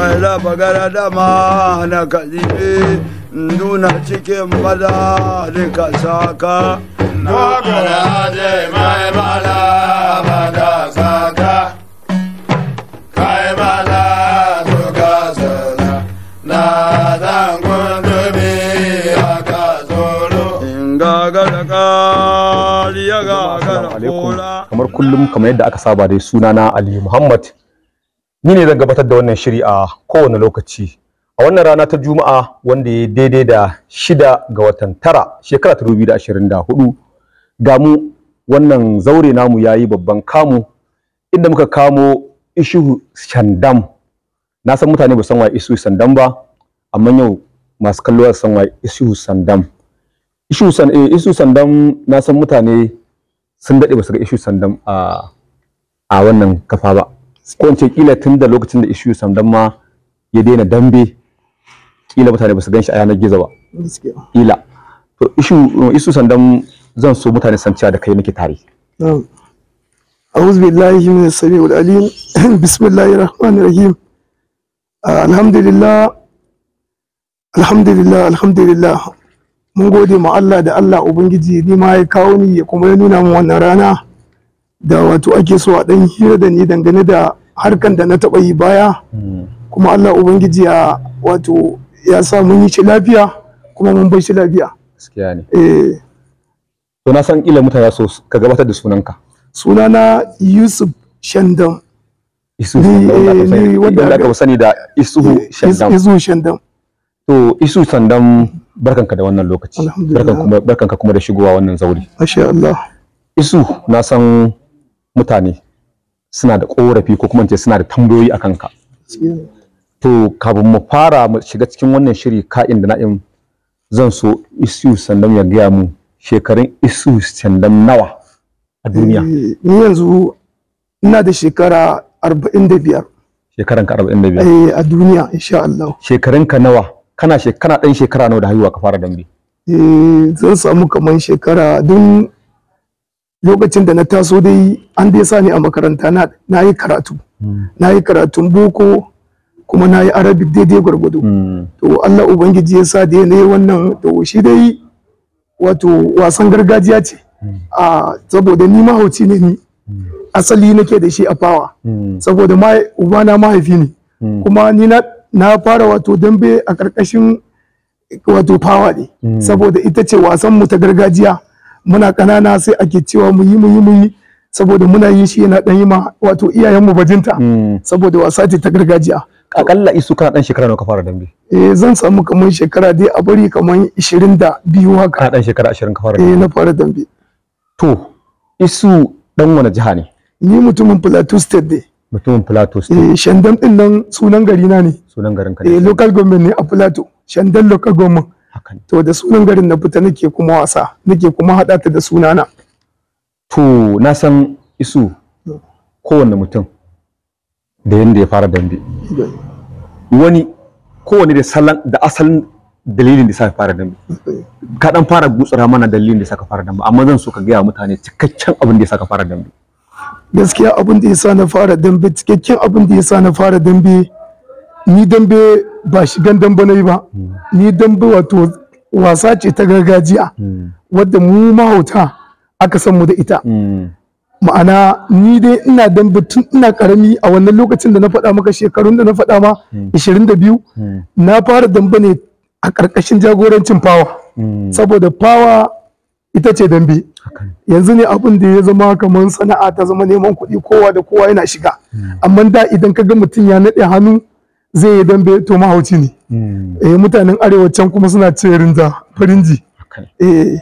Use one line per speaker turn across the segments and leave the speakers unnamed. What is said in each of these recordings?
maila bagara dama na kazibe duna cikin
bada da ka saka
na gara je mai bala bada saka kai bala to ka sana na dan gundumi aka zoro in gagara
kariya gagara kamar kullum kamar yadda aka saba dai sunana ali muhammad ni ne zan gabatar da wannan shiri a kowane lokaci a wannan rana ta juma'a wanda ya daidai da shida ga watan tara shekara ta dubu da ashirin da hudu ga mu wannan zaure namu ya yi babban kamu inda muka kamo ishu shandam na san mutane ba san wa ishu shandam ba amma yau masu kallo su san wa ishu shandam ishu shandam eh, ishu shandam na san mutane sun dade ba su ga ishu shandam a wannan kafa ba ko in ce kila tun da lokacin da ishu dan ma ya daina dambe kila mutane ba su gan shi a yanar gizo ba kila to ishu isu sandan zan so mutane san cewa da kai nake tare
a'udhu billahi من السميع العليم بسم الله الرحمن الرحيم alhamdulillah alhamdulillah Alhamdulillah, mun gode ma Allah da Allah Ubangiji ni ma ya kawo ni ya kuma ya nuna min wannan rana da wato ake so a dan hira da ni dangane da harkan da na taɓa yi baya hmm. kuma Allah Ubangiji ya wato ya sa mun yi shi lafiya kuma mun bai shi lafiya.
Gaskiya ne. Eh. To na san ila mutane so ka gabatar da sunanka. Sunana Yusuf Shandam. Yusuf Shandam. Ni eh, wanda aka sani da Isu eh, Shandam. Isu Shandam. To Isu Shandam barkanka da wannan lokaci. Barkan kuma barkanka kuma da shigowa wannan zauri. Masha Allah. Isu na san mutane suna da korafi ko kuma ce suna da tambayoyi a kanka. to kafin mu fara mu shiga cikin wannan shiri ka'in da na'im zan so isu sandam ya gaya mu shekarun isu sandam nawa a duniya eh, ni yanzu ina da shekara 45 shekaran ka 45 eh a duniya insha Allah shekarun ka nawa kana shekara dan shekara nawa da haihuwa ka fara dambe
eh zan samu kaman shekara don lokacin da na taso dai an dai sa ni a makaranta na yi karatu na yi karatun boko kuma na yi arabic daidai gwargwado hmm. to allah ubangiji ya sa dai na yi wannan to shi dai wato wasan gargajiya ce hmm. a saboda ni mahauci ne ni hmm. asali nake da shi a fawa saboda ubana mahaifi ne kuma ni na fara wato dambe a karkashin wato fawa ne saboda ita ce wasan mu ta gargajiya muna kanana sai ake cewa mu yi mu yi mu yi saboda muna yin shi yana dan yi ma wato iyayenmu bajinta hmm. saboda wasa ce ta gargajiya
akalla isu kana dan shekara nawa ka fara dambe eh zan samu kamar shekara dai a bari kamar 22 haka Kana dan shekara 20 ka fara dambe eh na fara dambe to isu dan wani jiha ne ni mutumin plateau state ne mutumin plateau state eh shandan din nan sunan gari na ne sunan garin ka eh local
government ne a plateau shandan local government to da sunan garin na fita nake kuma wasa nake kuma haɗa ta da sunana
to na san isu kowanne mutum da yanda ya fara dambe wani kowanne da salan da asalin dalilin da saka fara dambe ka dan fara gutsura mana dalilin da saka fara dambe amma zan so ka gaya mutane cikakken abin da ya saka fara dambe
gaskiya abin da ya sa na fara dambe cikakken abin da ya sa na fara dambe ni dambe ba shigan dambe na yi ba ni dambe wato wasa ce ta gargajiya wadda mu mahauta aka san mu da ita ma'ana ni dai ina dambe tun ina karami a wannan lokacin da na faɗa maka shekarun da na faɗa ma 22 na fara dambe ne a ƙarƙashin jagorancin fawa saboda fawa ita ce dambe yanzu ne abin da ya zama kamar sana'a ta zama neman kuɗi kowa da kowa yana shiga amma da idan ka ga mutum ya naɗe hannu zai yi dambe to mahauci ne hmm. eh mutanen arewacin kuma suna ce rinja farinji
eh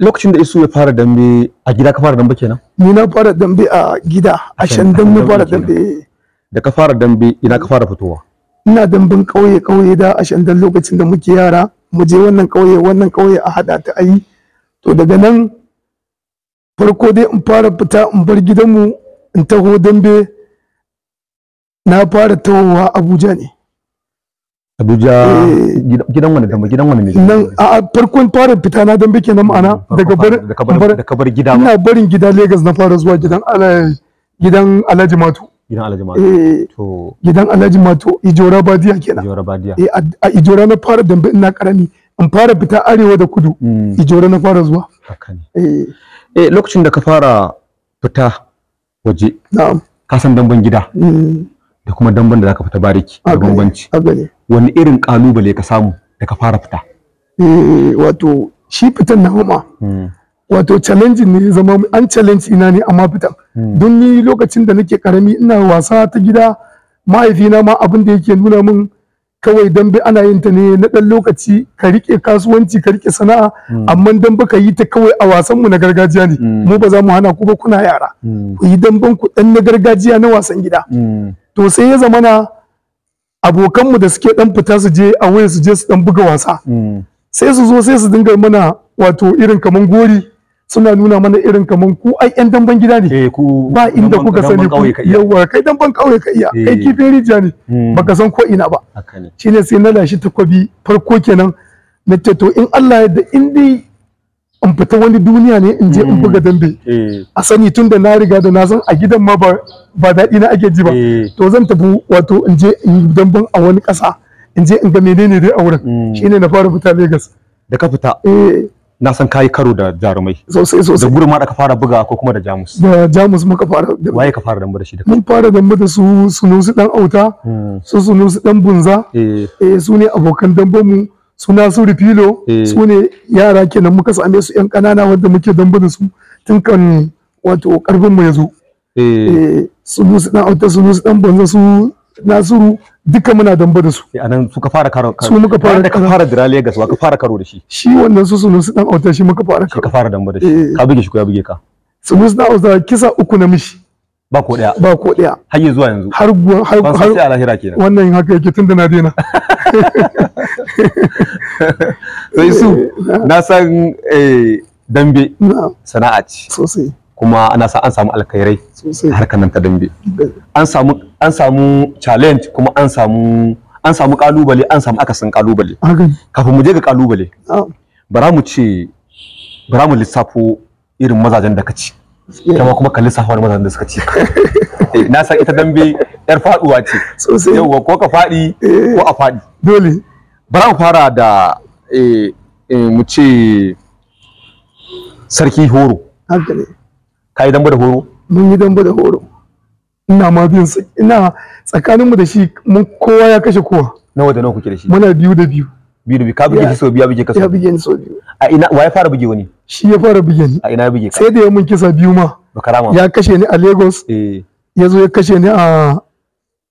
lokacin da isu ya fara dambe a gida ka fara dambe kenan ni na fara dambe a gida a shandan na fara dambe da ka fara dambe ina ka fara fitowa
ina damben kauye kauye da a shandan lokacin da muke yara mu je wannan kauye wannan kauye a hada ta ayi to daga nan farko dai in fara fita in bar gidanmu in taho dambe na fara tawowa abuja ne
abuja eh. gidan wani dama gidan wani nan
a farkon fara fita na dambe kenan ma'ana daga bar daga bar gida ina barin gida Lagos na fara zuwa gidan gidan Alhaji Mato.
gidan Alhaji Mato. Eh. to
gidan Alhaji Matu Ijora Badiya kenan Ijora Badiya eh, a Ijora na fara dambe ina karami in fara fita arewa da kudu
hmm. Ijora na fara zuwa eh lokacin da ka fara fita waje na'am ka san damben gida hmm. da kuma damban da zaka fita bariki da bambanci wani irin kalubale ka samu da ka fara fita
eh, wato shi fitan na homa hmm. wato challenge ne zama an challenge ina ne amma fitan hmm. don ni lokacin da nake karami ina wasa ta gida mahaifina ma abin da yake nuna min kawai dambe ana yin ta ne na ɗan lokaci ka rike kasuwanci ka rike sana'a hmm. amma dambe ka yi ta kawai a wasan mu na gargajiya ne mu ba za mu hana ku ba kuna yara ku yi damben ku ɗan na gargajiya na wasan gida to sai ya zamana abokanmu da suke dan fita su je a waya su je su dan buga wasa mm. sai su zo sai su dinga mana wato irin kaman gori suna nuna mana irin kaman ku ai yan damban gida ne eh, ba inda kuka sani ku yawa kai damban kauye ka iya kai eh. kifin rijiya ne mm. baka san ko ina ba shine sai na lashi takobi farko kenan na ce to in Allah ya da in dai in fita wani duniya ne in je in buga mm. dambe eh. a sani tun da na riga da na san a gidan ma ba daɗi na ake ji ba eh. to zan tafi wato in je in yi damben a wani ƙasa in je in ga menene dai a wurin mm. shine na fara fita Lagos da ka fita
eh. na san kayi karo da jarumai sosai sosai da gurin ma da ka fara buga ko kuma da Jamus da Jamus muka fara da waye ka fara dambe da shi da
mun fara dambe da su sunusu dan auta
mm. su sunusu dan bunza eh
su ne abokan damban mu su Nasiru Filo eh. su ne yara kenan muka same su yan ƙanana wanda muke damba da su tun kan wato karfin mu ya zo eh. Eh, su musu dan auta su su dan banza su Nasiru duka muna
damba da su a nan suka fara karo su muka fara da ka fara dira Lagos ka fara karo da shi shi wannan su su musu dan auta shi muka fara karo ka fara damba da shi ka buge shi ko ya buge ka su su dan auta kisa uku na mishi ba ko daya ba ko daya har yanzu zuwa yanzu har har har sai alahira kenan wannan haka yake tun da na daina sai su eh, na san eh dambe sana'a ce sosai kuma ana sa an samu alkhairai a harkar nan ta dambe eh. an samu an samu challenge kuma an samu an samu kalubale an samu akasin kalubale kafin mu je ga kalubale bara mu ce bara mu lissafo irin mazajen da ka ci kama kuma kalli safa wani da suka ci eh, na san ita dambe yar faduwa ce sosai yawa ko ka fadi ko a fadi dole bara mu fara da eh, eh, mu ce sarki horo hankali kai dambe da horo mun yi dambe da horo
ina ma biyan ina tsakanin mu da shi mun kowa ya kashe
kowa nawa da nawa kuke da shi muna biyu da biyu biyu da biyu ka buge shi so, biya ya buge ka so biyu a ina wa ya fara buge wani shi ya fara buge ni a ina buge sai da ya mun kisa biyu ma ya kashe ni a Lagos eh. ya zo ya kashe ni a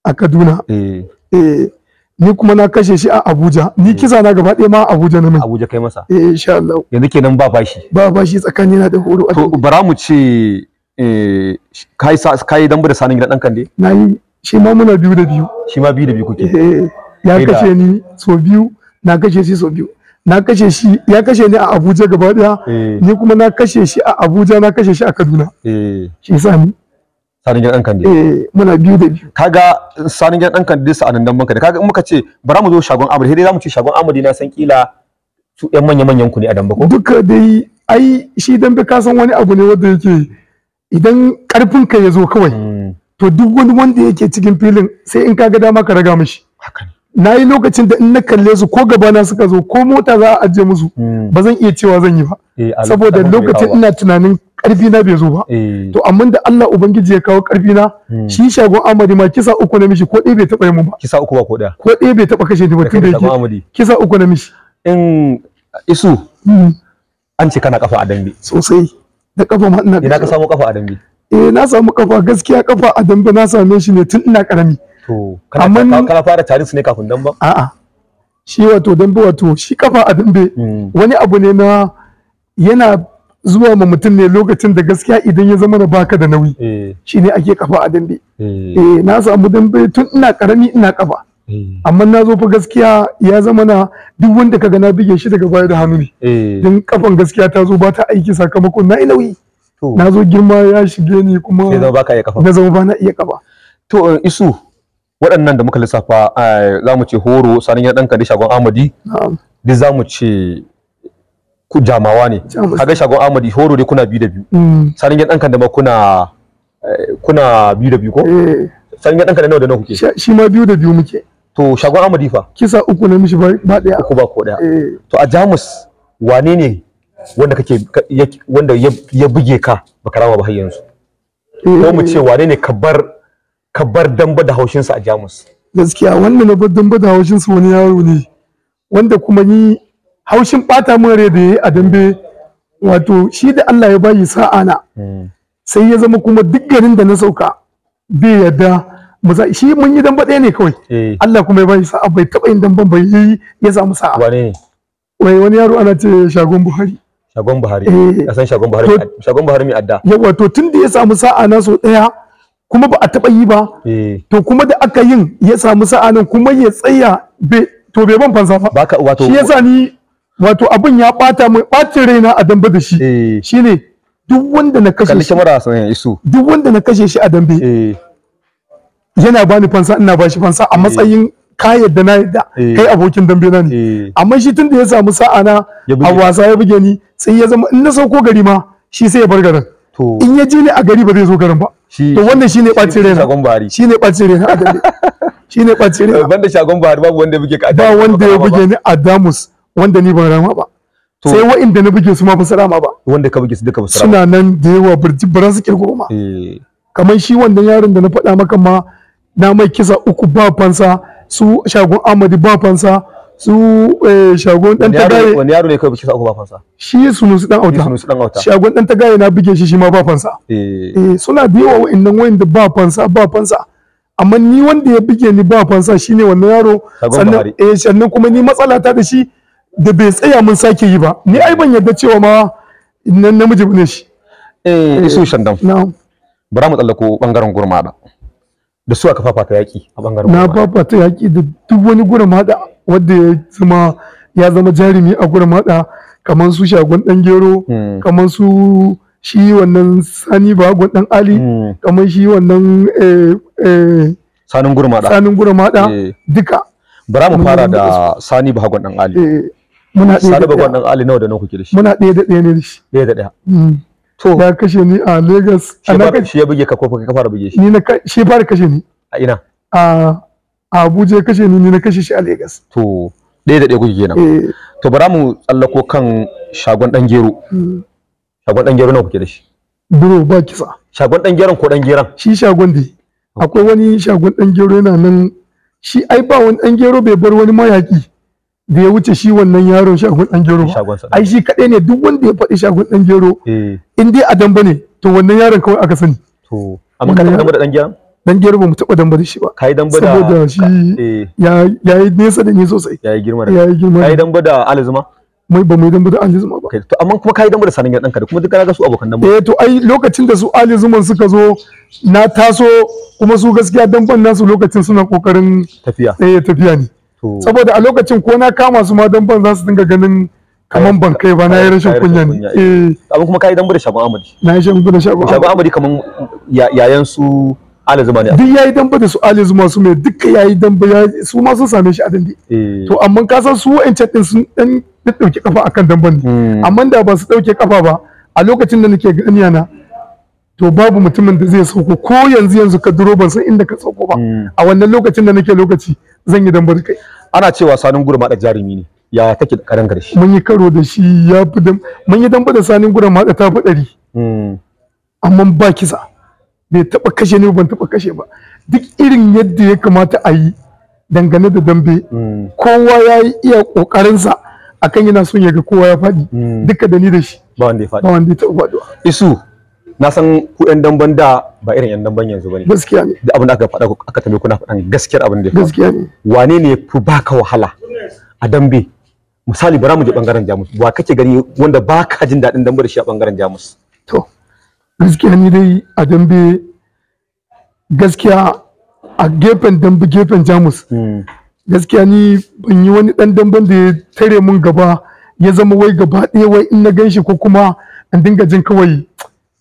a Kaduna eh, eh
ni kuma na kashe shi a Abuja ni eh. kisa na gaba ɗaya ma a Abuja na mai Abuja kai masa
eh insha Allah yanzu kenan ba fashi ba fashi tsakani na da horo to bara mu ce eh kai kai dan da sanin gidan dan kande nayi shi ma muna biyu da biyu shi ma biyu da biyu kuke eh ya kashe
ni so biyu na kashe shi so biyu na kashe shi ya kashe ni a
Abuja gaba daya eh. ni kuma na kashe shi a Abuja na kashe shi a Kaduna eh shi sani ni sanin gidan ɗan kandi eh muna biyu da biyu kaga sanin gidan ɗan kandi sa anan dan maka da kaga in muka ce bara mu zo shagon Amadi sai dai zamu ce shagon Amadi na san kila su ɗan manya manyan ku ne a Dambako duka dai ai shi dambe ka san wani abu ne wanda yake idan karfin
ka ya zo kawai hmm. to duk wani wanda yake cikin filin sai in kaga dama ka raga mishi haka ne na yi lokacin da in na kalle su ko gabana suka zo ko mota za a ajiye musu hmm. ba zan iya cewa zan yi ba
eh, saboda lokacin ina
tunanin karfi na bai zo ba eh. to amma da Allah ubangiji ya kawo karfi na hmm. shi shagon Amadi ma kisa uku na mishi ko ɗaya bai taɓa yi mun ba
kisa uku ba ko ɗaya ko ɗaya bai taɓa kashe ni ba tun da yake kisa uku na mishi in isu hmm. an ce kana kafa a dambe sosai da kafa ma ina ina ka samu kafa a dambe eh na samu kafa gaskiya kafa a dambe na same shi ne tun ina karami to kana kana fara tarin su ne kafin dan ba
a'a shi wato dambe wato shi kafa a dambe hmm. wani abu ne na yana zuwa ma mutum ne lokacin da gaskiya idan ya zama da baka da nauyi eh. shine ake kafa a dambe eh. eh na samu dambe tun ina karami ina kafa eh. amma na zo fa gaskiya ya zama na duk wanda kaga na bige shi daga baya da hannu ne don kafan gaskiya ta zo ba ta aiki sakamakon na nauyi na zo girma ya shige ni kuma
na zama ba na iya kafa to isu waɗannan da muka lissafa za mu ce horo sanin ya ɗan kadi shagon amadi duk za mu ce ku jamawa ne kaga shagon amadi horo dai kuna biyu da biyu mm. sanin ya ɗan kan da ma kuna eh, kuna biyu da biyu ko eh. sanin ya ɗan kan da nawa da nawa kuke shi ma biyu da biyu muke to shagon amadi fa kisa uku na mishi ba ɗaya uku ba ko ɗaya eh. to a jamus wane ne wanda kake wanda ya buge ka bakarawa rama ba har yanzu
ko mu ce wane
ne ka bar ka bar damba da sa a jamus
gaskiya wannan na bar damba da sa wani yaro ne wanda kuma ni haushin bata min rai da yayi a dambe wato shi da Allah ya bayi sa'a na hmm. sai ya zama kuma duk garin da na sauka bai yadda za shi mun yi damba ɗaya ne kawai eh. Allah kuma ya bayi sa'a bai taɓa yin damban bai yi ya samu sa'a wane wai wani yaro ana ce shagon Buhari
shagon Buhari eh. a san shagon Buhari shagon Buhari mai adda yawa
to tun da ya samu sa'a na so ɗaya kuma ba a taɓa yi ba eh. to kuma da aka yin ya samu sa'a nan kuma ya tsaya to bai ban fansa ba shi yasa ni wato abin ya ɓata mai ɓacin raina a dambe da shi eh. shine duk wanda na kashe shi duk wanda na kashe shi a dambe eh. yana bani fansa ina bashi fansa a matsayin ka yadda na yadda kai abokin dambe na ne amma shi tun da ya samu sa'a na a wasa ya buge ni sai ya zama in na sauko gari ma shi sai ya bar garin in ya ji ne a gari ba zai zo garin ba to wannan shine ɓacin raina shagon buhari shine ɓacin raina a gari shine ɓacin raina banda shagon
bahari babu wanda buge ka ba wanda ya buge
ni Adamus. wanda ni ban rama ba sai wa'inda na buge su ma ba su rama ba
wanda ka buge su duka ba su rama suna
nan da yawa birji ba su kirgo
ma eh.
kamar shi wannan yaron da na faɗa maka ma na mai kisa uku ba fansa su shagon amadi ba fansa su eh, shagon dan tagaye
wani yaro ne kai biki sa uku ba fansa
shi sunusu dan auta sunusi dan auta shagon dan tagaye na bige shi shi ma ba fansa eh, eh suna da yawa wa'annan wa'anda ba fansa ba fansa amma ni wanda ya bige ni ba fansa shine wannan yaro sannan eh sannan kuma ni matsala ta da shi da bai tsaya mun sake yi ba ni ai ban yarda
cewa ma nan namiji ne shi eh, eh isu shandam na'am bara mu tsallako bangaren gurmada da su aka fafata yaki a bangaren na fafata
yaki da duk wani gurmada wanda ya zama ya zama jarumi a gurin haɗa kamar su shagon ɗan gero hmm. kamar su shi wannan sani ba dan ali hmm.
kamar shi wannan eh, eh, sanin gurmaɗa sanin gurmaɗa eh. duka bara mu fara da sani bagon ɗan ali
muna ɗaya da ɗaya ɗan
ali nawa da nawa kuke da shi
muna ɗaya da ɗaya ne da shi
ɗaya da ɗaya hmm.
to ya kashe ni a Lagos
shi ya buge ka ko ka fara buge shi ni na shi fara kashe ni a ina a a Abuja ya kashe ni ni na kashe shi a Lagos to ɗaya da ɗaya kuke kenan eh. to bara mu tsallako kan shagon dan gero hmm. shagon dan gero nawa kuke da shi
bro ba kisa
shagon dan gero ko dan geron
shi shagon dai akwai wani shagon dan gero yana nan shi ai ba wani dan gero bai bar wani mayaki da ya wuce shi wannan yaron shagon dan gero ai shi kadai ne duk wanda ya faɗi shagon dan gero eh. in dai a damba ne to wannan yaron kawai aka sani
to amma kana da dan gero dan gero ba mu taba damba da shi ba kai damba da saboda shi eh. ya yi nesa da ni sosai ya yi girma da yi girma kai damba da alizuma mai ba mai damba da alizuma ba to amma kuma kai damba da sanin ka da kuma duk kana ga su abokan damba eh to ai lokacin da su alizuman suka zo
na taso kuma su gaskiya damban nasu lokacin suna kokarin tafiya eh tafiya ne saboda a lokacin ko na kama su ma damban za su dinga ganin kaman ban kai ba na yi rashin kunya ne eh, eh.
amma kuma kai damba da shabu amadi
na yi shabu da shabu amadi kaman
yayan su Ali Zuma ne.
Duk yayi damba da su Ali Zuma su mai duka yayi damba su ma sun same shi a dande. Eh. To amma ka san su wa'ancan din sun dan dauke kafa akan damban ne. Hmm. Amma da ba su dauke kafa ba a lokacin da nake ganiya na to babu mutumin da zai sauko ko yanzu yanzu ka duro ban san inda ka sauko ba hmm. a wannan lokacin da nake lokaci zan yi damba
kai. Ana cewa sanin gurma da jarumi ne. Yaya take da karan karshe?
Mun yi karo da shi ya fi mun yi damba da sanin gurma da ta fi ɗari. Hmm. Amma ba kisa. bai taba kashe ne ban taba kashe ba duk irin yadda ya kamata a yi dangane da dambe
mm. kowa ya yi iya kokarinsa akan yana son ya ga kowa ya faɗi mm. duka da ni da shi ba wanda ya faɗi ba wanda ya taɓa faɗuwa isu na san ku yan damban da ba irin yan damban yanzu bane gaskiya ne da abin da aka faɗa ku aka tambaye kuna faɗan gaskiyar abin da ya faɗa gaskiya ne wane ne fi baka wahala a dambe misali bara mu je bangaren jamus wa kake gari wanda baka jin daɗin dambe da shi a bangaren jamus
gaskiya ni dai a dambe gaskiya a gefen dambe gefen jamus hmm. gaskiya ni ban yi wani dan damben da ya tare mun gaba ya zama wai gaba ɗaya wai in na gan shi ko kuma an dinga jin kawai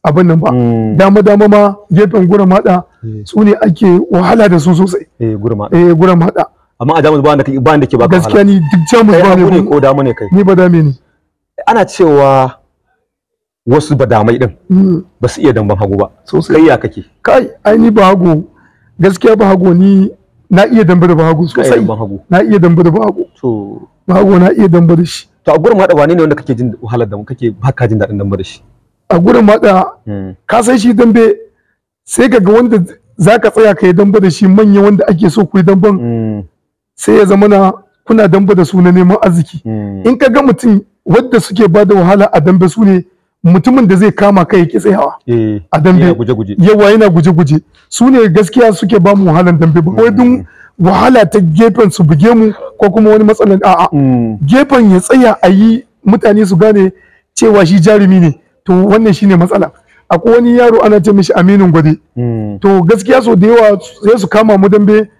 abin nan ba hmm. dama dama ma gefen gura mada hmm. su ne ake wahala da su sosai eh gura mada eh,
amma a jamus ba wanda ba wanda ke ba gaskiya ni duk jamus ba ne ko da ne kai ni ba dame ni ana cewa wasu badamai din hmm. ba su iya damban hagu ba sosai kai ya kake kai ai ni ba hagu gaskiya ba hagu ni na iya damba da ba hagu sosai na iya damba da ba hagu to ba hagu na iya damba da shi to a gurin hada wane ne wanda kake jin wahalar da kake ba ka jin dadin damba da shi a gurin hada hmm. ka san shi dambe sai
ga wanda zaka tsaya kai damba da shi manya wanda ake so ku yi hmm. sai ya zama na kuna damba da su na neman arziki in ka ga mutum wadda suke ba da wahala a dambe su ne mutumin da zai kama kai ki tsayawa
eh, a dambe
yawa yana guje-guje su ne gaskiya suke ba mu wahalan dambe ba wai dun wahala ta gefen su buge mu ko kuma wani matsalan a'a mm. gefen ya tsaya a yi mutane su gane cewa shi jarumi ne to wannan shine matsala akwai wani yaro ana ce mishi aminin gwade mm. to gaskiya so da yawa sai su kama mu dambe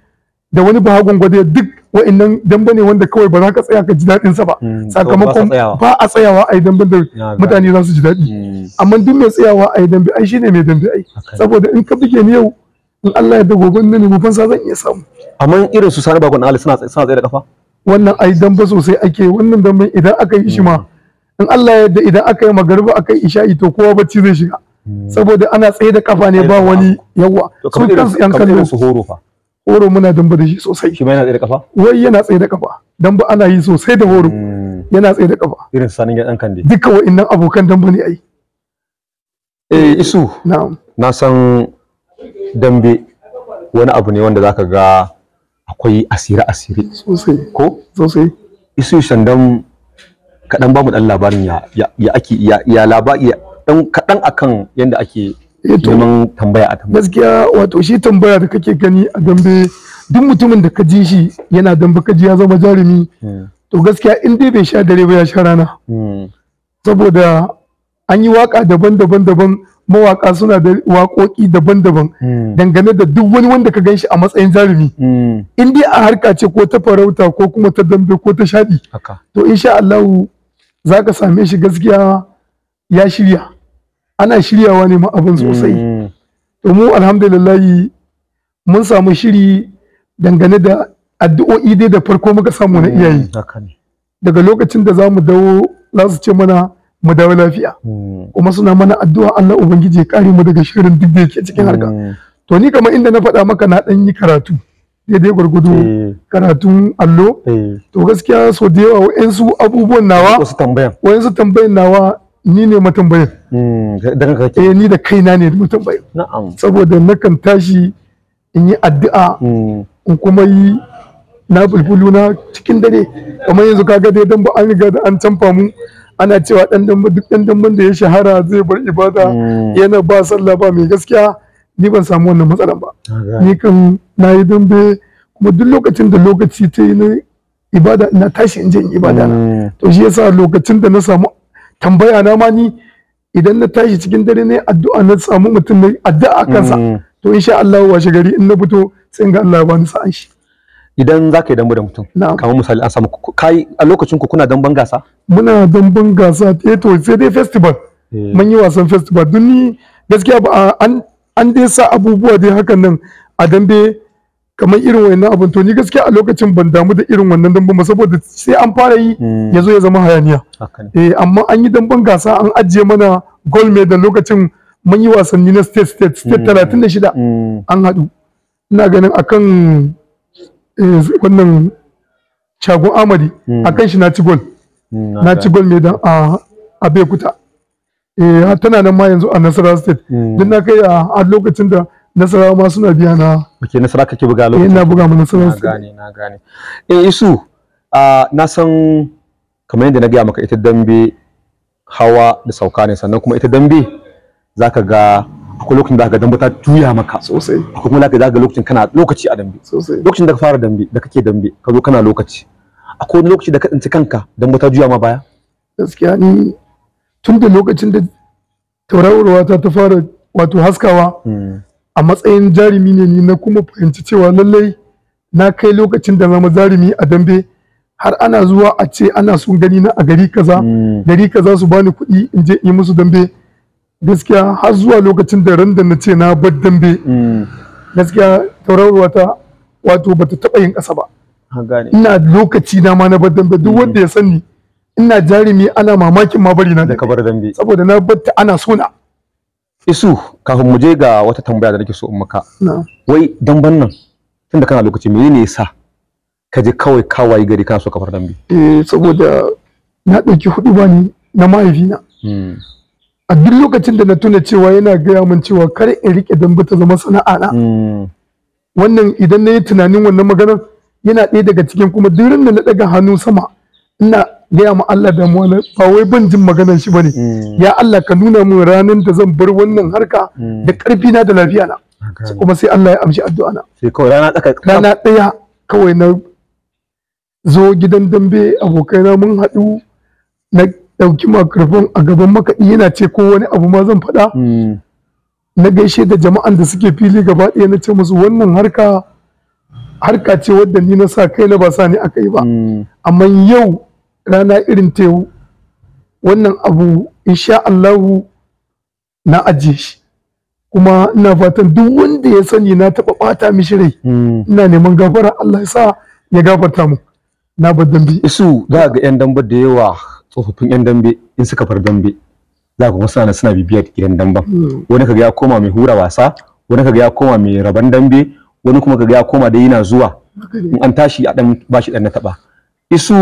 da wani bahagon gwade duk wa'annan dambe ne wanda kawai ba za ka tsaya ka ji daɗin hmm, sa ba sakamakon ba a tsayawa a yi damben da mutane za su ji daɗi hmm. amma duk mai tsayawa a yi dambe ai shine mai dambe ai saboda in ka bige ni yau in Allah ya da gobe ne mu fansa zan iya samu amma irin su sani bakon Ali suna suna tsaye da kafa wannan ai dambe sosai ake wannan damben idan aka yi shi ma in Allah ya da idan aka yi magariba aka yi isha'i to kowa bacci zai shiga hmm. saboda ana tsaye da kafa ne ba wani yawa su kansu yan kallo su horo fa horo muna damba da shi sosai shi ma yana tsaye da kafa wai yana tsaye da kafa damba ana yi sosai da horo
hmm.
yana tsaye da kafa irin sanin ya dan kande duka wa'annan abokan damba ne ai eh isu na'am
na san dambe wani abu ne wanda zaka ga akwai asiri asiri sosai ko sosai isu shandam kaɗan ba mu dan labarin ya ya ake ya ya labari dan kadan akan yadda ake Eh neman tambaya a tambaya gaskiya wato shi tambaya da kake gani a dambe duk mutumin da ka ji shi yana dambe
ka ji ya zama jarumi hmm. to gaskiya in dai bai sha dare ba ya sha rana hmm. saboda an yi waka daban-daban daban mawaka suna da waƙoƙi daban-daban hmm. dangane da duk wani wanda ka gan shi a matsayin jarumi in dai a harka ce ko ta farauta ko kuma ta dambe ko ta shaɗi to insha Allah za ka same shi gaskiya ya shirya ana shiryawa ne abin sosai domin mm-hmm. mu mun samu shiri dangane da addu'o'i dai da farko muka samu na mm-hmm. iyaye daga lokacin da za mu dawo za su ce mana mu dawo lafiya mm-hmm. kuma suna mana addu'a Allah ubangiji ya kare mu daga shirin duk da yake cikin harka to ni kamar inda na faɗa maka na ɗan yi karatu daidai gwargwado eh. karatun allo eh. to gaskiya so da yawa wa'yansu abubuwan nawa wa'yansu tambayan nawa ni ne matambayin hmm, eh ni da kaina ne matambayin
na'am saboda
nakan tashi in yi addu'a hmm. in kuma yi na bulbulu na cikin dare kamar yanzu kaga dai dan ba an riga da an canfa mu ana cewa dan dan duk dan dan da ya shahara zai bar ibada hmm. yana ba sallah ba mai gaskiya ni ban samu wannan matsalan ba ni kan na yi dambe kuma duk lokacin da lokaci ta yi na ibada na tashi in je in ibada to shi yasa lokacin da na samu tambaya na ma ni idan na tashi cikin dare ne addu'a na samu mutum ne addu'a kansa mm.
to insha Allah washe gari in na fito sai ga Allah ya bani sa'an shi idan za ka yi dambu da mutum kamar misali an samu kai a lokacin ku kuna damban gasa
muna damban gasa eh to sai dai festival eh. mun yi wasan festival duk ni gaskiya ba an an dai sa abubuwa dai hakan nan a dambe kamar irin wayannan abin to ni gaskiya a lokacin ban damu da irin wannan damban ba saboda sai an fara yi hmm. ya zo ya zama hayaniya eh amma an yi damban gasa an ajiye mana gold medal lokacin mun yi wasanni na state state state hmm. talatin da hmm. an haɗu ina ganin akan eh, wannan shagon amadi akan shi na ci gold na ci gold medal a abekuta eh tana nan ma yanzu a nasarawa state don na kai a lokacin da nasarawa ma suna biya na
ok nasara kake buga eh, lokacin ina buga mu nasara na gane na gane eh isu ah, na san kamar yadda na gaya maka ita dambe hawa da sauka ne sannan kuma ita dambe zaka ga akwai lokacin da ka dambe ta tuya maka sosai akwai kuma zaka ga lokacin kana lokaci a dambe sosai lokacin da ka fara dambe da kake dambe ka zo kana lokaci akwai lokaci da ka tsinci kanka dambe ta juya ma baya gaskiya ni tun da lokacin da taurawarwa ta ta fara wato haskawa hmm.
a matsayin jarumi ne ni na kuma fahimci cewa lallai na kai lokacin da zama jarumi a dambe har ana zuwa a ce ana son gani na a gari kaza hmm. gari kaza su bani kuɗi in je yi musu dambe gaskiya har zuwa lokacin da ran da na ce na bar dambe hmm. gaskiya taurarwa ta wato bata taɓa yin ƙasa ba ina lokaci na ma na bar dambe duk hmm. wanda ya sani ina jarumi ana mamakin ma bari na da
kabar dambe saboda na bar ta ana sona isu kafin mu je ga wata tambaya da nake so in maka wai dan bannan tunda kana lokaci me ne yasa ka je kawai kawai gari kana so kafar bi eh saboda
na ɗauki hudu bani na mahaifina hmm. a duk lokacin da na tuna cewa yana gaya min cewa kar in rike dambe ta zama sana'a na hmm. wannan idan na yi tunanin wannan maganar yana ɗaya daga cikin kuma durin da na ɗaga hannu sama ina gaya ma Allah da wani ba wai ban jin maganar shi bane hmm. ya Allah ka nuna min ranar da zan bar wannan harka hmm. da karfi na da lafiya na kuma sai Allah ya amshi addu'a na sai kawai rana tsaka rana daya kawai na zo gidan dambe abokai na mun haɗu na dauki makarfin a gaban makaɗi yana ce ko wani abu ma zan faɗa hmm. na gaishe da jama'an da suke fili gaba ɗaya na ce musu wannan harka harka ce wadda ni na sa kai na ba sa ni aka yi ba amma yau rana irin ta yau wannan abu insha Allah na ajiye shi kuma ina fatan duk wanda ya sani na taɓa ɓata mishi rai hmm. ina neman gafara Allah ya sa ya gafarta mu
na bar dambe isu za ga yan dambe da yawa tsofaffin yan dambe in suka far dambe za ka wasu ana suna bibiyar gidan damben hmm. wani kaga ya koma mai hura wasa wani kaga ya koma mai raban dambe wani kuma kaga ya koma da yana zuwa in an tashi a dan bashi dan na taɓa isu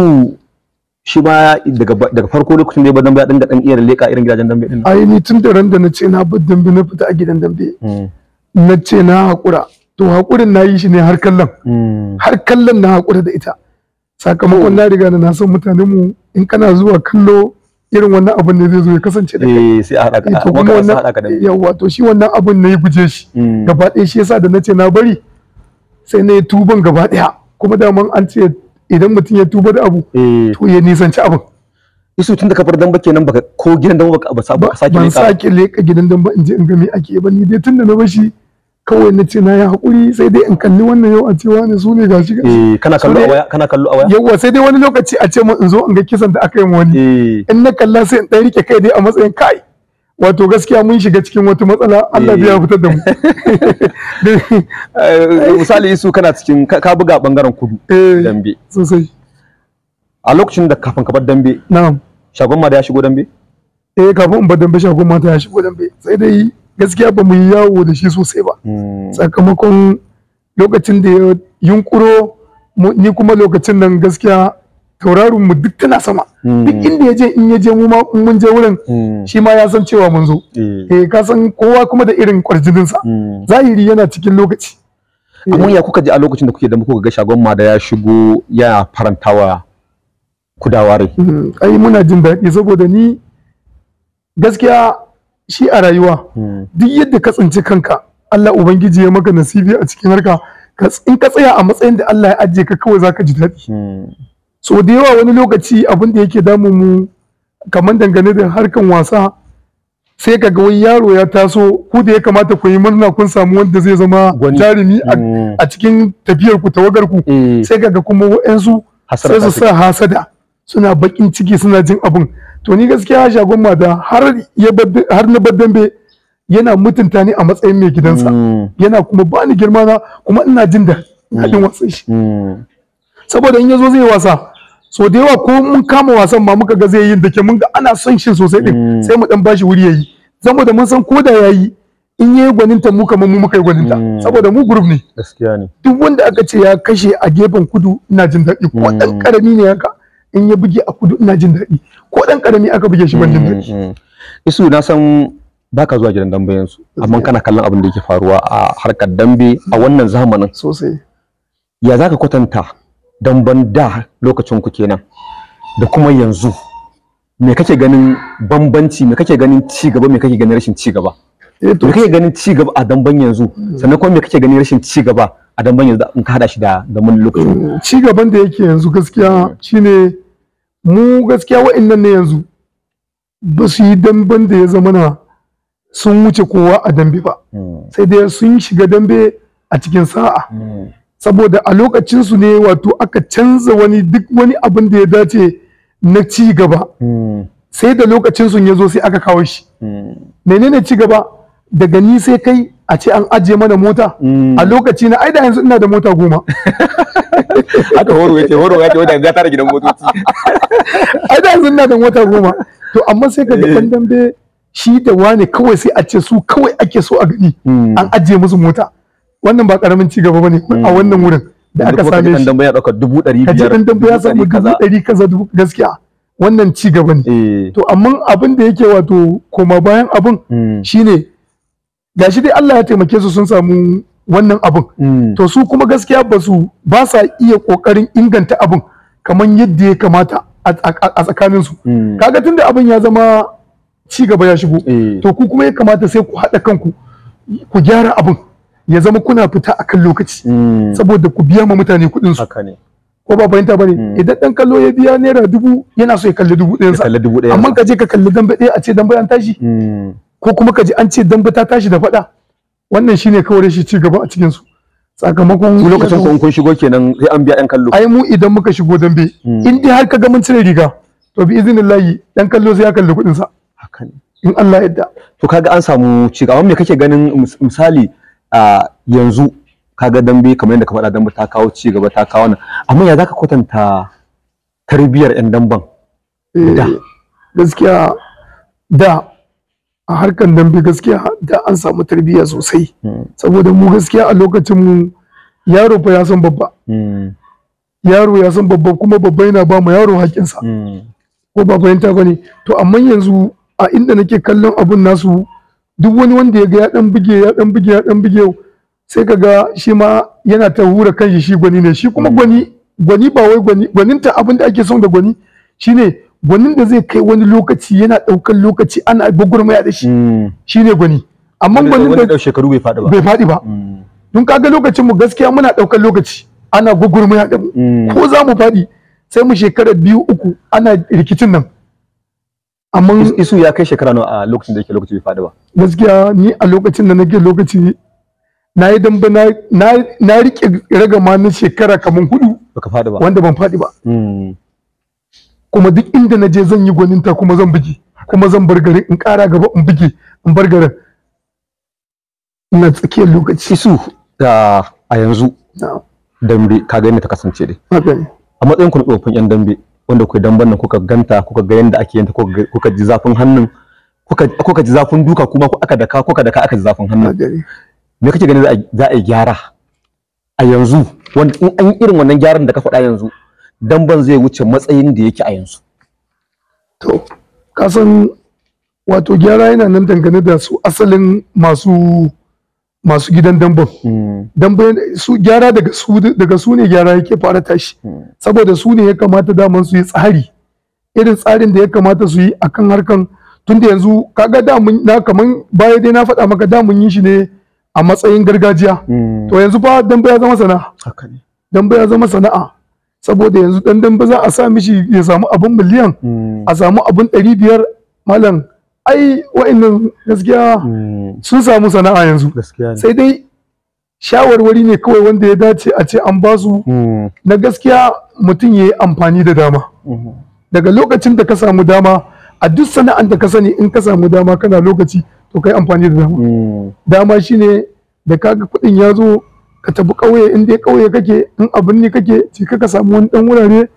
shi ma daga farko lokacin da ya dambe ya dinga dan iya leka irin gidajen dambe din ai ni tun da ran da nace na bar dambe na fita a gidan dambe nace
hmm. na hakura to hakurin na yi shi ne har kallon hmm. har kallon na hakura da ita sakamakon na riga na san mutanen mu in kana zuwa kallo irin wannan abin ne zai zo ya kasance da kai eh, sai a hada ka eh, to kuma wannan yawa to shi wannan abin ne ya guje shi hmm. gaba ɗaya shi yasa da nace na bari sai na yi tuban gaba ɗaya kuma daman an ce
idan mutum ya tuba da abu eh. to ya nisanci abin isu tun da kafar damba kenan baka ko gidan damba baka ba saba sake leka ban sake
leka gidan damba in je in ga me ake ba ni dai tun da na bashi kawai na ce na yi hakuri sai dai in kalli wannan yau a ce wani su ne gashi gashi eh, kana kallo a waya kana kallo a waya Yauwa, sai dai wani lokaci a ce mu in zo in ga kisan da aka yi wani eh. in na kalla sai in dan rike kai
dai a matsayin kai wato gaskiya mun shiga cikin wata matsala Allah ya eh. fitar da mu eh, misali isu kana cikin ka buga bangaren kudu eh, dambe sosai a lokacin da kafin ka bar dambe na'am shagon ma da ya shigo dambe eh kafin in bar dambe shagon ma ta ya shigo dambe sai dai gaskiya ba mu yi yawo da shi sosai ba hmm.
sakamakon lokacin da ya yunkuro ni kuma lokacin nan gaskiya tauraron mu duk tana sama hmm. duk inda yaje in yaje mu ma mun je wurin hmm. shi ma ya san cewa mun zo eh, eh ka san kowa kuma da irin kwarjinin sa hmm. zahiri
yana cikin lokaci eh. amma ya kuka ji a lokacin da kuke da muku ga shagon ma da ya shigo ya farantawa kudawa ai muna jin daɗi saboda ni
gaskiya shi a rayuwa duk yadda ka tsinci kanka Allah ubangiji ya maka nasibi a cikin harka in ka tsaya a matsayin da Allah ya ajiye ka kawai zaka ji daɗi so da yawa wani lokaci abin da yake damu mu kamar dangane da harkan wasa sai ka ga wani yaro ya taso ku da ya kamata ku yi murna kun samu wanda zai zama jarumi mm. a cikin tafiyar ku tawagar ku eh. sai ka ga kuma wa'ansu sai su sa hasada suna bakin ciki suna jin abin to ni gaskiya shagon Mada har har na baddambe yana mutunta ni a matsayin mai gidansa mm. yana kuma bani girma na kuma ina jin da daɗin mm. wasan shi saboda in yazo zai wasa so da yawa ko mun kama wasan ma muka ga zai yi dake mun ga ana son shi sosai din mm. sai mu dan bashi wuri yayi zama da mun san ko da yayi in yayi gwaninta mu kamar mu muka yi gwaninta mm. saboda mu group ne gaskiya ne duk wanda aka ce ya kashe a gefen kudu ina jin daɗi ko
dan mm. karami ne haka in ya buge a kudu ina jin daɗi ko dan karami aka buge shi ban jin daɗi isu na san baka zuwa gidan dambe yanzu amma kana kallon abin da yake faruwa a harkar dambe a wannan zamanin sosai ya zaka kwatanta don banda da lokacin ku kenan da kuma yanzu me kake ganin bambanci me kake ganin ci gaba me kake ganin rashin ci gaba eh me kake ganin ci gaba a damban yanzu hmm. sannan kuma me kake ganin rashin ci gaba a damban yanzu in ka hada shi da mun lokacin
eh, ci gaban da yake yanzu gaskiya hmm. shine mu gaskiya wa'annan ne yanzu ba su yi damban da ya zama na sun wuce kowa a dambe ba hmm. sai dai sun shiga dambe a cikin sa'a saboda a lokacin su ne wato aka canza wani duk wani abin da ya dace na ci gaba hmm. sai da lokacin sun ya zo sai aka kawo shi hmm. menene ci gaba daga ni sai kai a ce an ajiye mana mota hmm. a lokaci na ai da yanzu ina da mota goma
haka horo yace horo yace wanda ya tare gidan motoci
ai da yanzu ina da mota goma to amma sai ka ga eh. dambe shi da wani kawai sai a ce su kawai ake so a gani an ajiye musu mota wannan ba karamin ci gaba bane a hmm. wannan wurin da aka same shi dan
ya dauka dubu ɗari biyar dan ya samu dubu
ɗari kaza dubu gaskiya wannan ci gaba ne eh. to amma abin da yake wato koma bayan abin hmm. shine gashi dai Allah ya taimake su sun samu wannan abin hmm. to su kuma gaskiya ba su ba sa iya kokarin inganta abin kamar yadda ya kamata a tsakanin su kaga tunda abin ya zama ci gaba ya shigo eh. to ku kuma ya kamata sai ku haɗa kanku ku gyara abin ya zama kuna fita a kan lokaci hmm. saboda ku biya ma mutane kuɗin su ko ba fahimta bane hmm. idan dan kallo ya biya naira dubu yana so ya kalli dubu ɗayan sa amma ka je ka kalli dambe ɗaya a ce dambe an tashi hmm. ko kuma ka je an ce dambe ta tashi da faɗa wannan shine kawai shi ci gaba a cikin su sakamakon lokacin kun
kun shigo kenan sai an biya ɗan kallo ai
mu idan muka shigo dambe in dai har ga mun cire riga to bi iznillahi dan kallo sai ya kalli kuɗin sa haka
ne in Allah yadda to kaga an samu ci gaba me kake ganin misali yanzu kaga dambe kamar yadda ka faɗa dambe ta kawo ci gaba ta kawo nan amma ya zaka kwatanta tarbiyar yan damben eh, da gaskiya
da a harkan dambe gaskiya da an samu tarbiyya sosai hmm. saboda mu gaskiya a lokacin mu yaro fa ya san babba hmm. yaro ya san babba kuma babba yana ba ma yaro hakinsa hmm. ko ba fahimta bane to amma yanzu a inda nake kallon abun nasu duk wani wanda ya ga ya dan buge ya dan buge ya dan buge sai ka ga shi ma yana ta hura kanshi shi gwani ne shi kuma gwani gwani ba wai gwani ta abin da ake son da gwani shine gwanin da zai kai wani lokaci yana daukar lokaci ana gurgurmaya da shi hmm. shine gwani amma gwanin
da shekaru bai faɗi ba bai fadi ba
hmm. don kaga lokacin mu gaskiya muna daukar lokaci ana gurgurmaya da mu hmm. ko za mu faɗi sai mu shekara biyu uku ana rikicin nan amma isu ya kai shekara nawa a lokacin da yake lokaci bai faɗi ba gaskiya ni a lokacin da nake lokaci na yi damba na rike ragama na shekara kamar hudu
baka faɗi ba wanda ban faɗi ba hmm.
kuma duk inda na je zan yi gwaninta kuma zan bugi kuma zan bar gari in ƙara gaba in bugi in bar garin na tsakiyar lokaci
su da a yanzu dambe ka ga ta kasance dai a matsayin ku na tsofin yan dambe wanda kuka dan nan kuka ganta kuka ga yanda ake yanta kuka ji zafin hannun kuka ji zafin duka kuma aka daka kuka daka aka ji zafin hannun me kake ganin za a yi gyara a yanzu wanda in an irin wannan gyaran da ka faɗa yanzu damban zai wuce matsayin da yake a yanzu to san
wato gyara yana nan dangane da su asalin masu masu gidan damben hmm. damben su gyara daga su daga su ne gyara yake fara tashi hmm. saboda su ne ya kamata daman su yi tsari irin tsarin da ya kamata su yi akan harkan tunda yanzu kaga da mun na kaman baya dai na faɗa maka da mun yi shi ne a matsayin gargajiya hmm. to yanzu fa dambe ya zama sana'a haka ne dambe ya zama sana'a saboda yanzu dan dambe za a sa mishi ya samu abun miliyan a samu abun ɗari biyar malam ai wa'annan gaskiya hmm. sun samu sana'a yanzu sai dai shawarwari ne kawai wanda ya dace a ce an ba su hmm. na gaskiya mutum ya yi amfani da dama hmm. daga lokacin da ka samu dama a duk sana'an da ka sani in ka samu dama kana lokaci to kai amfani da dama dama shine da kaga kuɗin ya zo ka tafi ƙauye in dai ƙauye kake in abin ne kake ce ka samu wani ɗan wurare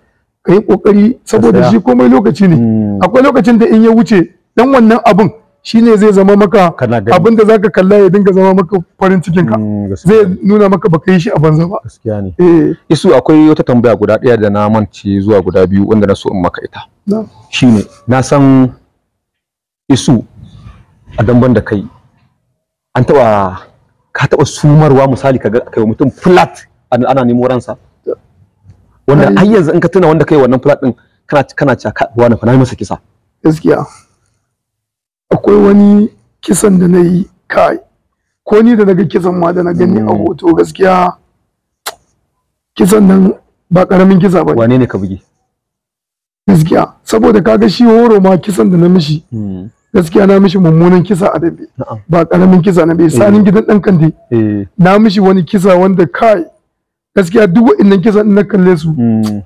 ka yi ƙoƙari saboda shi komai lokaci ne akwai lokacin da in ya wuce dan wannan abun shine zai zama maka abin da zaka kalla ya dinga zama maka farin cikin ka mm, zai nuna maka baka yi shi a banza ba gaskiya
ne eh isu akwai wata tambaya guda ɗaya da na mance zuwa guda biyu wanda na so in maka ita shine na san isu a damban da kai an taba ka taba sumarwa misali kaga kai mutum flat ana nemo ransa wanda har yanzu in ka tuna wanda kai wannan flat din kana kana cewa wani fa na yi masa kisa gaskiya
akwai wani kisan da na yi kai ko ni da naga kisan ma da na gani a mm. hoto gaskiya kisan nan ba karamin kisa ba wane ne ka buge gaskiya saboda kaga shi horo ma kisan da na mishi mm. gaskiya na mishi mummunan kisa a dabe ba karamin kisa na bai sanin eh. gidan dan kande eh. na mishi wani kisa wanda kai gaskiya duk wa'annan kisa na kalle su mm.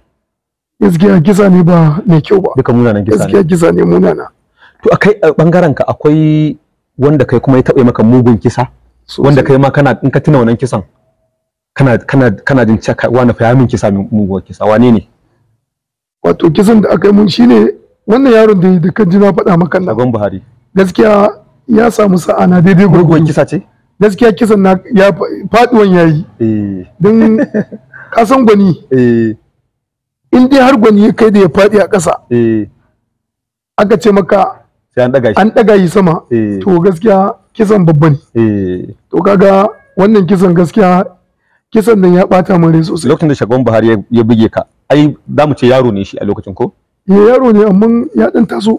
gaskiya kisa ne ba mai kyau ba duka munanan kisa gaskiya kisa ne munana to akai bangaren ka akwai wanda kai kuma ya taɓa maka mugun kisa wanda kai ma kana in ka tuna wannan kisan kana kana kana jin cewa wani fa ya min kisa mugun kisa wane ne wato kisan da aka yi mun shine wannan yaron da da kan ji na faɗa maka nan gon Buhari
gaskiya ya samu sa'a na daidai gurgun kisa ce gaskiya kisan na ya faduwan yayi eh dan kasan gwani eh in dai har gwani ya kai da ya faɗi a ƙasa eh. aka ce maka sai an daga shi an daga yi sama eh. to gaskiya kisan babba ne eh. to kaga wannan
kisan gaskiya kisan nan ya bata min rai sosai lokacin da shagon Buhari ya buge ka ai za mu ce yaro ne shi a lokacin ko ya eh, yaro ne amma ya dan taso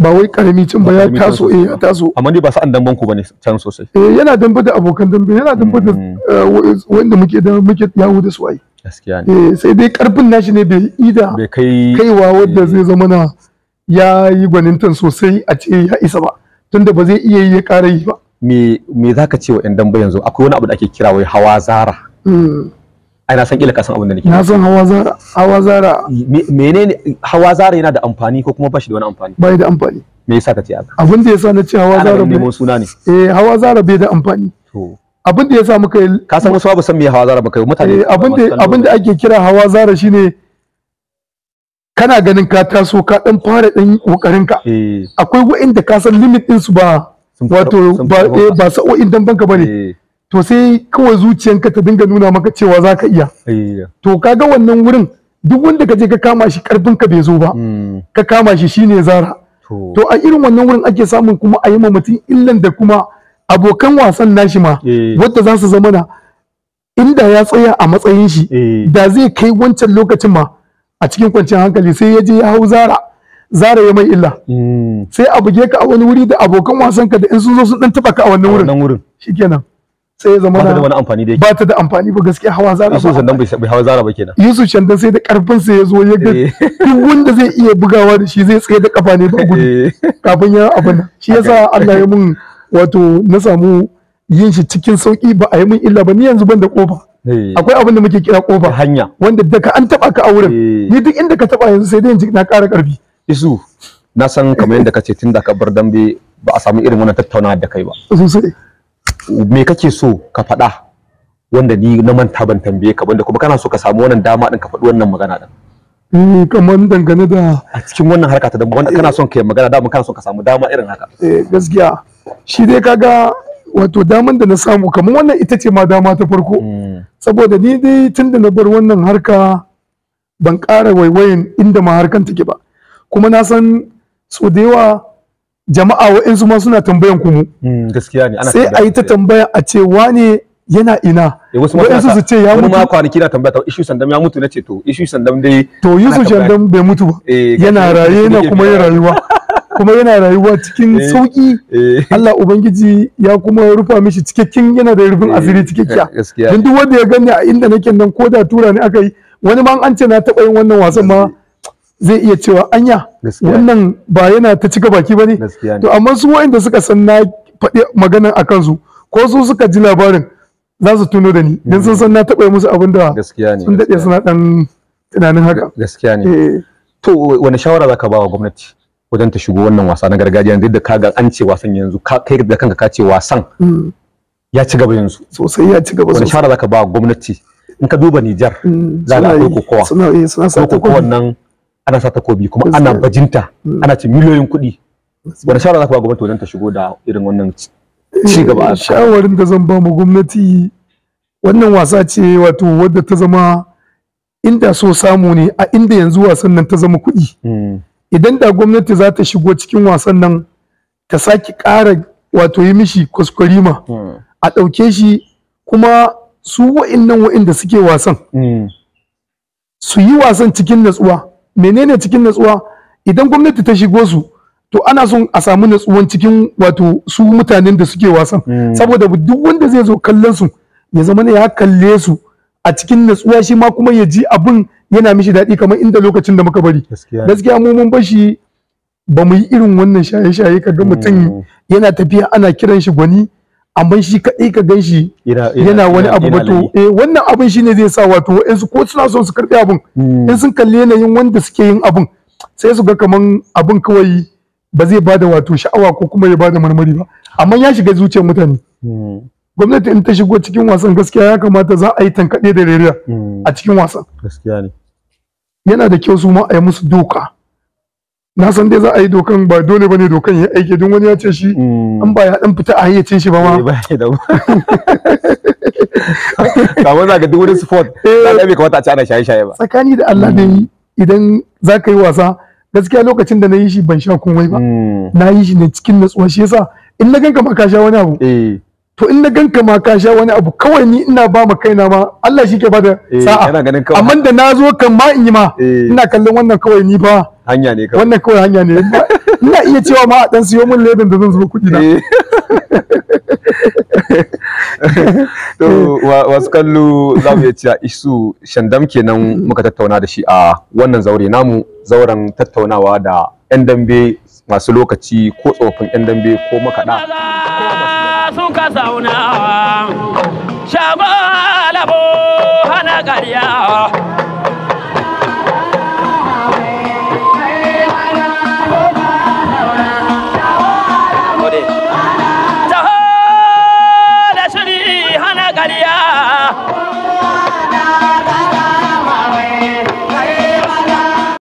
ba wai karami cin ba ya taso eh ya taso amma ni ba sa'an damban ku bane can sosai
eh yana damba da abokan dambe yana damba da mm. wanda muke da muke yawo da su ai gaskiya ne eh sai dai karfin nashi ne bai
ida bai kai kaiwa wanda zai zama na ya yi gwanintan sosai a ce ya isa ba tunda ba zai iya yi ya ƙara yi ba me za ka ce wa yan damba yanzu akwai wani abu da ake kira wai hawa zara hmm. ai na san kila ka san abin da nake na san hawa zara hawa zara menene hawa zara yana da amfani ko kuma bashi da wani amfani Ba da amfani me yasa ka ce haka
abin da yasa na ce hawa zara bai nemo suna ne eh hawa zara bai da amfani to abin da yasa muka ka san wasu ba
san me hawa zara ba kai mutane eh, abin da abin
da ake kira hawa zara shine kana ganin ka taso ka dan fara dan kokarin ka eh. akwai wa'inda ka san limit din su ba wato ba eh, ba sa'o'in dan banka bane eh. to sai kawai zuciyanka ta dinga nuna maka cewa zaka iya to kaga wannan wurin duk wanda ka je ka kama shi karfin ka bai zo ba hmm. ka kama shi shine zara to a irin wannan wurin ake samun kuma a yi ma mutum illan da kuma abokan wasan nashi ma wadda za su zama na inda ya tsaya a matsayin shi da zai kai wancan lokacin ma a cikin kwanciyar hankali sai ya je ya hau zara zara ya mai illa hmm. sai a buge ka a wani wuri da abokan wasan ka da in sun zo sun dan taba ka a wannan wurin wurin shikenan sai ya zama ba ta da wani amfani da ba ta da amfani ba gaskiya hawa zara Yusuf dan
bai hawa zara ba kenan
Yusuf dan sai da karfin sa ya zo ya ga eh. duk wanda zai iya bugawa da shi zai tsaye da kafa ne ba gudu eh. kafin ya abin shi yasa Allah ya mun wato na samu yin shi cikin sauki ba a yi mun illa ba ni yanzu ban da kofa akwai abin da muke kira kofar hanya wanda daga an taba ka a wurin eh. ni duk inda ka taba yanzu sai dai na ƙara ƙarfi
isu na san kamar yadda kace tun da ka bar dambe ba a samu irin wannan tattaunawa da kai ba sosai me kake so ka faɗa wanda ni na manta ban tambaye ka wanda kuma kana so ka samu wannan dama din ka faɗi wannan magana din eh kamar dangane da a cikin wannan harka ta damba wanda kana son ka yi magana dama kana son ka samu dama irin haka eh gaskiya shi dai kaga
wato daman da na samu kamar wannan ita ce ma dama ta farko hmm. saboda ni dai tun da na bar wannan harka ban ƙara waiwayin inda ma harkan take ba kuma na san so da yawa jama'a wa'insu ma suna tambayan ku mu
hmm, gaskiya ne sai
a yi ta tambaya a ce wane yana ina
eh, wa'insu su ce ya mutu wani ma kwanaki na tambaya ta ishu sandam ya mutu na ce to ishu sandam dai to yusuf sandam bai mutu ba eh, yana raye na kuma yin
rayuwa kuma yana rayuwa cikin eh, sauki eh. Allah ubangiji ya kuma rufa mishi cikakken yana da rufin eh, asiri cikakkiya don duk wanda ya gani a inda nake nan ko da tura ne aka yi wani ma an ce na taɓa yin wannan wasan ma zai iya cewa anya wannan ba yana ta cika baki ba ne to amma su wa'inda suka san na faɗi maganan a kansu ko su suka ji labarin za su tuno da ni don sun san na taɓa musu abin da sun daɗe suna ɗan tunanin haka
gaskiya ne to wani shawara zaka ba wa gwamnati wajen ta shigo wannan wasa na gargajiya yanzu da kaga an ce wasan yanzu kai da kanka ka ce wasan mm. ya ci gaba yanzu sosai ya ci gaba sosai wani shara zaka ba gwamnati in ka duba Nijar mm. za a yi kokowa suna yi suna sa kokowa Wannan ana sa takobi kuma ana bajinta mm. ana ci miliyoyin kuɗi wani shara zaka ba gwamnati wajen ta shigo da irin wannan ci gaba eh, shawarin
da zan ba mu gwamnati wannan wasa ce wato wadda ta zama inda so samu ne a inda yanzu wasan nan ta zama kuɗi idan da gwamnati za ta shigo cikin wasan nan ta sake ƙara wato yi mishi kuskurima a ɗauke shi kuma su wa'innan wa'inda suke wasan su yi wasan cikin natsuwa menene cikin natsuwa idan gwamnati ta shigo su to ana son a samu natsuwan cikin wato su mutanen da suke wasan saboda duk wanda zai zo kallon su ya zama ya kalle su a cikin natsuwa shi ma kuma ya ji abin yana mishi daɗi kamar inda lokacin da muka bari gaskiya mu mun bashi ba mu yi irin wannan shaye-shaye Ka ga mutum mm. yana tafiya ana kiran shi gwani amma shi kaɗai ka gan shi
yana wani abu ba to
eh wannan abin shine zai sa wato wa'ansu ko suna son su karɓi abin mm. in sun kalli yanayin wanda suke yin abun sai su ga kaman abin kawai ba zai bada wato sha'awa ko kuma ya bada marmari ba amma ya shiga zuciyar mutane mm. gwamnati in ta shigo cikin wasan gaskiya ya kamata za a yi tankaɗe da rariya hmm. a cikin wasan gaskiya ne yana da kyau su ma a yi musu doka na san dai za a yi dokan ba dole bane dokan ya aike don wani ya ce shi an hmm. ba ya dan fita a hayyacin shi ba ma eh, ba
za ka duk wani sport eh. Za ka kamata a ci ana shaye shaye ba
tsakani da Allah ne hmm. idan za ka yi wasa gaskiya lokacin da na yi shi ban sha komai ba na yi shi ne cikin natsuwa shi yasa in na ganka ma ka sha wani abu eh. to in na ganka ma ka sha wani abu kawai ni ina ba ma kaina ma Allah shi ke bada eh, sa'a amma da na zo kan ma in yi ma eh. ina kallon wannan kawai ni ba. hanya ne kawai wannan kawai hanya ne ina iya cewa ma a dan siyo mun lebin da zan zuba kudi na eh.
to wasu kallo za mu iya cewa isu shandam kenan muka tattauna da shi a wannan zaure namu zauren tattaunawa da 'yan dambe masu lokaci ko tsofaffin 'yan dambe ko makaɗa suka zauna shago hana karya